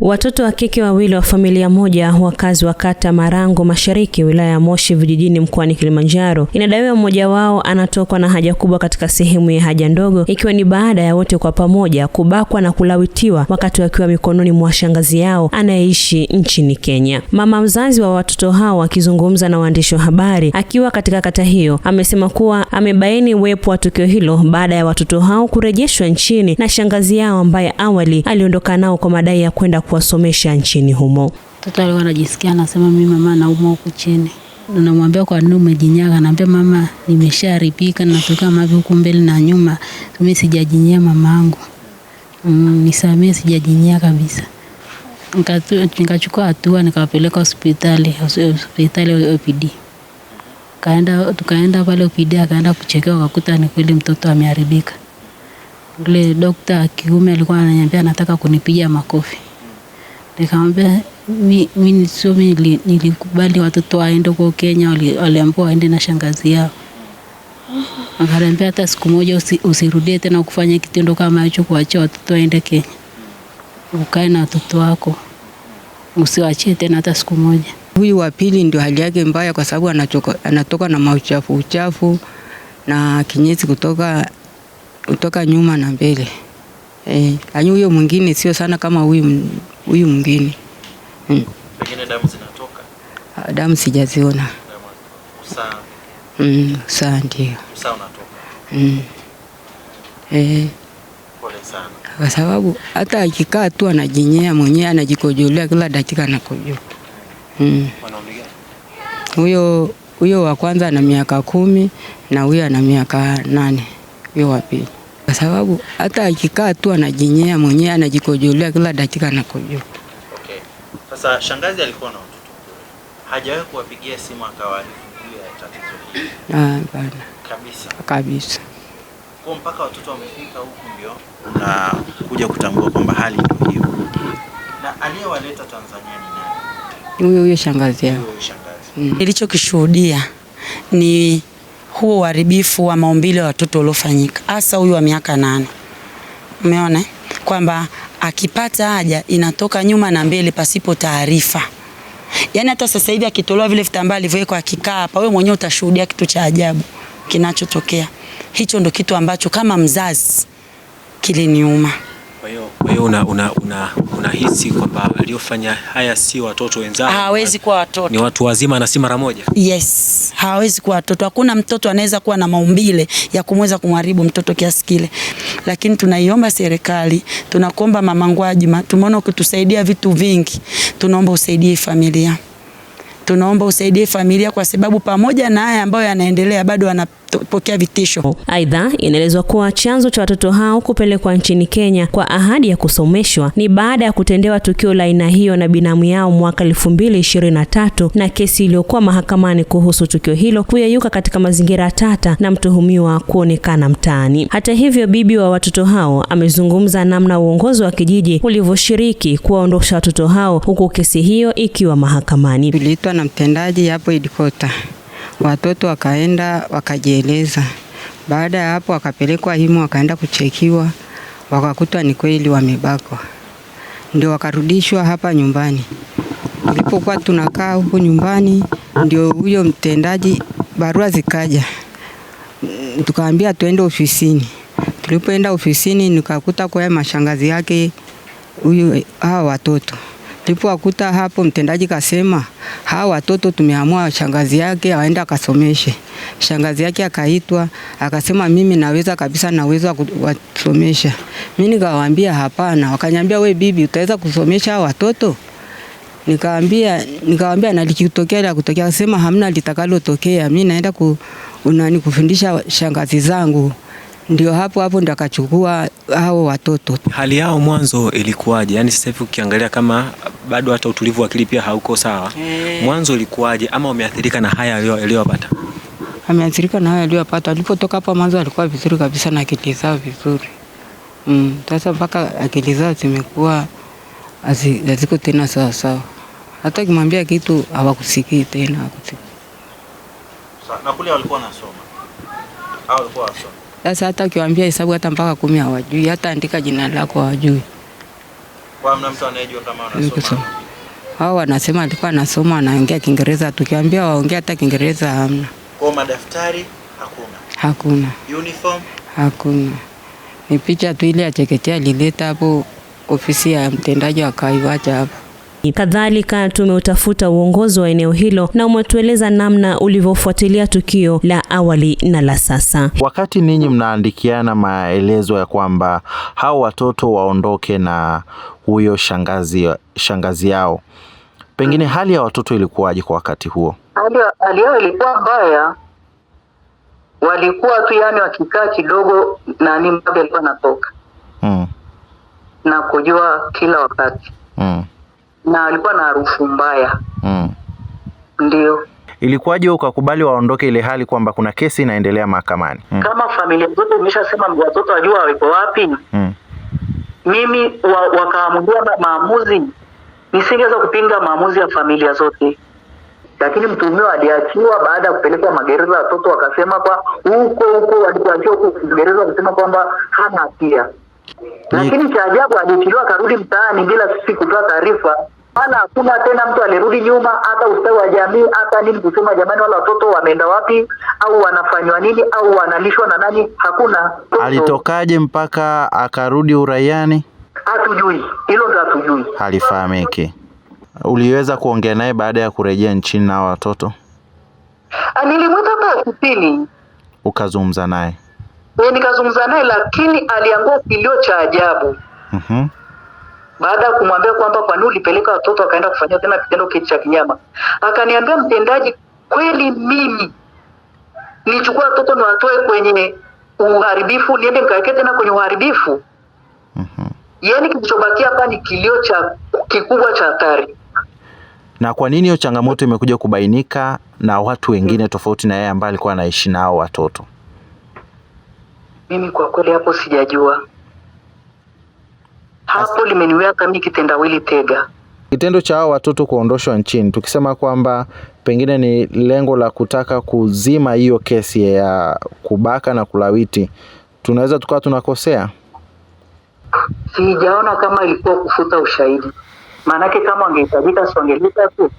Watoto wa kike wawili wa familia moja wakazi wa kata Marango Mashariki wilaya ya Moshi vijijini mkoani Kilimanjaro. Inadaiwa mmoja wao anatokwa na haja kubwa katika sehemu ya haja ndogo, ikiwa ni baada ya wote kwa pamoja kubakwa na kulawitiwa wakati wakiwa mikononi mwa shangazi yao anayeishi nchini Kenya. Mama mzazi wa watoto hao akizungumza na waandishi wa habari akiwa katika kata hiyo, amesema kuwa amebaini uwepo wa tukio hilo baada ya watoto hao kurejeshwa nchini na shangazi yao ambaye awali aliondoka nao kwa madai ya kwenda ya kuwasomesha nchini humo. Mtoto alikuwa anajisikia anasema, mimi mama naumwa huku chini, namwambia kwa nini umejinyaga? Anaambia mama, nimeshaharibika natoka mavi huku mbele na nyuma, mimi sijajinyia mamaangu, mm, nisamee, sijajinyia kabisa. Nikachukua hatua nikawapeleka hospitali hospitali OPD, kaenda tukaenda pale OPD, akaenda kuchekewa, akakuta ni kweli mtoto ameharibika. Ule dokta kiume alikuwa ananiambia anataka kunipiga makofi. Nikamwambia mi sio mimi nilikubali watoto waende kwa Kenya, waliambiwa waende na shangazi yao. Akaniambia hata siku moja usi, usirudie tena kufanya kitendo kama hicho, kuachia watoto waende Kenya. Ukae na watoto wako, usiwachie tena hata siku moja. Huyu wa pili ndio hali yake mbaya, kwa sababu anatoka na mauchafu uchafu na kinyesi kutoka, kutoka nyuma na mbele. Eh, huyo mwingine sio sana kama huyu huyu mwingine mm. Pengine damu zinatoka? Ah, damu sijaziona. Usaa? Mm, ndio. Usaa unatoka? Mm. Eh. Pole sana. Kwa sababu hata akikaa tu anajinyea mwenyewe, anajikojolea kila dakika anakojoa. Mm. Huyo huyo wa kwanza ana miaka kumi na huyo ana miaka nane, huyo wa pili kwa sababu hata akikaa tu anajinyea mwenyewe, anajikojolea kila dakika anakojoa. Okay. Sasa shangazi alikuwa na watoto, hajawahi kuwapigia simu akawaarifu juu ya tatizo hili? Ah, bana kabisa kabisa. Kwa mpaka watoto wamefika huku ndio na kuja kutambua kwamba hali ndio hiyo. Na aliyewaleta Tanzania ni nani? Huyo huyo shangazi yao. Mm. Nilichokishuhudia ni huu uharibifu wa maumbile wa watoto uliofanyika, hasa huyu wa miaka nane. Umeona kwamba akipata haja inatoka nyuma na mbele pasipo taarifa. Yaani hata sasa hivi akitolewa vile vitambaa alivyowekwa akikaa hapa, wewe mwenyewe utashuhudia kitu cha ajabu kinachotokea. Hicho ndo kitu ambacho kama mzazi kiliniuma. Kwa hiyo una, una, una, una kwamba waliofanya haya si watoto wenzao, hawezi kuwa watoto, ni watu wazima na si mara moja. Yes, hawezi kuwa watoto. Hakuna mtoto anaweza kuwa na maumbile ya kumweza kumharibu mtoto kiasi kile, lakini tunaiomba serikali, tunakuomba Mama Ngwajima, tumeona ukitusaidia vitu vingi, tunaomba usaidie familia tunaomba usaidie familia kwa sababu pamoja na haya ambayo yanaendelea bado wana kupokea vitisho. Aidha, inaelezwa kuwa chanzo cha watoto hao kupelekwa nchini Kenya kwa ahadi ya kusomeshwa ni baada ya kutendewa tukio la aina hiyo na binamu yao mwaka 2023 na kesi iliyokuwa mahakamani kuhusu tukio hilo kuyeyuka katika mazingira tata na mtuhumiwa kuonekana mtaani. Hata hivyo, bibi wa watoto hao amezungumza namna uongozi wa kijiji ulivyoshiriki kuwaondosha watoto hao huku kesi hiyo ikiwa mahakamani. Tuliitwa na mtendaji hapo idikota watoto wakaenda wakajieleza. Baada ya hapo, wakapelekwa Himu, wakaenda kuchekiwa, wakakuta ni kweli wamebakwa, ndio wakarudishwa hapa nyumbani. Tulipokuwa tunakaa huku nyumbani, ndio huyo mtendaji barua zikaja, tukaambia tuende ofisini. Tulipoenda ofisini, nikakuta kwa mashangazi yake huyu hawa watoto Nilipowakuta hapo, mtendaji kasema hawa watoto tumeamua shangazi yake aende akasomeshe. Shangazi yake akaitwa akasema, mimi naweza kabisa, naweza kusomesha. Mimi nikawaambia hapana. Wakanyambia, we bibi, utaweza kusomesha hawa watoto? Nikaambia, nikaambia na likitokea la kutokea. Akasema hamna litakalotokea, mimi naenda ku, unani kufundisha shangazi zangu. Ndio hapo hapo ndio akachukua hao watoto. Hali yao mwanzo ilikuwaje? Yaani sasa hivi ukiangalia kama bado hata utulivu wa akili pia hauko sawa e. Mwanzo ilikuwaje ama umeathirika na haya aliyopata Ameathirika na haya aliyopata alipotoka hapa mwanzo alikuwa vizuri kabisa na akili zao vizuri mm. sasa mm, mpaka akili zao zimekuwa haziko tena sawa sawa, hata kimwambia kitu hawakusikii tena, hawakusikii na kule walikuwa wanasoma au walikuwa wasoma. Sasa hata ukiwaambia hesabu hata mpaka kumi hawajui, hata andika jina lako hawajui. Kwa mtu anayejua kama anasoma. wanasema alikuwa anasoma anaongea Kiingereza, tukiambia waongea hata Kiingereza hamna. Kwa madaftari hakuna. Hakuna. Uniform hakuna. Ni picha tu ile ya chekechea lileta hapo ofisi ya mtendaji akaiwacha hapo. Kadhalika tumeutafuta uongozi wa eneo hilo na umetueleza namna ulivyofuatilia tukio la awali na la sasa. Wakati ninyi mnaandikiana maelezo ya kwamba hao watoto waondoke na huyo shangazi, shangazi yao, pengine hali ya watoto ilikuwaje kwa wakati huo? Hali yao ilikuwa mbaya, walikuwa tu yani wakikaa kidogo nani mmoja alikuwa anatoka mm. na kujua kila wakati mm na alikuwa na harufu mbaya mm. Ndio ilikuwaje ukakubali waondoke, ile hali kwamba kuna kesi inaendelea mahakamani mm. Kama familia zote imeshasema watoto wajua wako wapi mm. Mimi wa, wakaamulia maamuzi, nisingeweza kupinga maamuzi ya familia zote, lakini mtuhumiwa aliachiwa baada ya kupelekwa magereza. Watoto wakasema kwa huko huko walipoachiwa huko gereza wakasema kwamba hana hatia. Lakini cha ajabu alichiliwa akarudi mtaani bila sisi kutoa taarifa, wala hakuna tena mtu alirudi nyuma, hata ustawi wa jamii hata nini kusema jamani, wala watoto wameenda wapi au wanafanywa nini au wanalishwa na nani? Hakuna. Alitokaje mpaka akarudi uraiani? Hatujui, hilo ndo hatujui, halifahamiki. Uliweza kuongea naye baada ya kurejea nchini na watoto? Nilimwita kwa ofisini, ukazungumza naye kwa nikazungumza naye, lakini aliangua kilio cha ajabu. mm -hmm. Baada ya kumwambia kwamba kwa nini ulipeleka watoto akaenda kufanyia tena kitendo kile cha kinyama, akaniambia mtendaji, kweli mimi nichukua watoto niwatoe kwenye uharibifu niende nikaweke tena kwenye uharibifu? mm -hmm. Yaani kilichobakia hapa ni kilio cha kikubwa cha hatari. Na kwa nini hiyo changamoto imekuja kubainika na watu wengine tofauti na yeye ambaye alikuwa anaishi nao watoto? Mimi kwa kweli hapo sijajua, hapo limeniwea mimi kitendawili tega. Kitendo cha hao watoto kuondoshwa nchini, tukisema kwamba pengine ni lengo la kutaka kuzima hiyo kesi ya kubaka na kulawiti, tunaweza tukawa tunakosea. Sijaona kama ilikuwa kufuta ushahidi, maanake kama wangehitajika songelita tu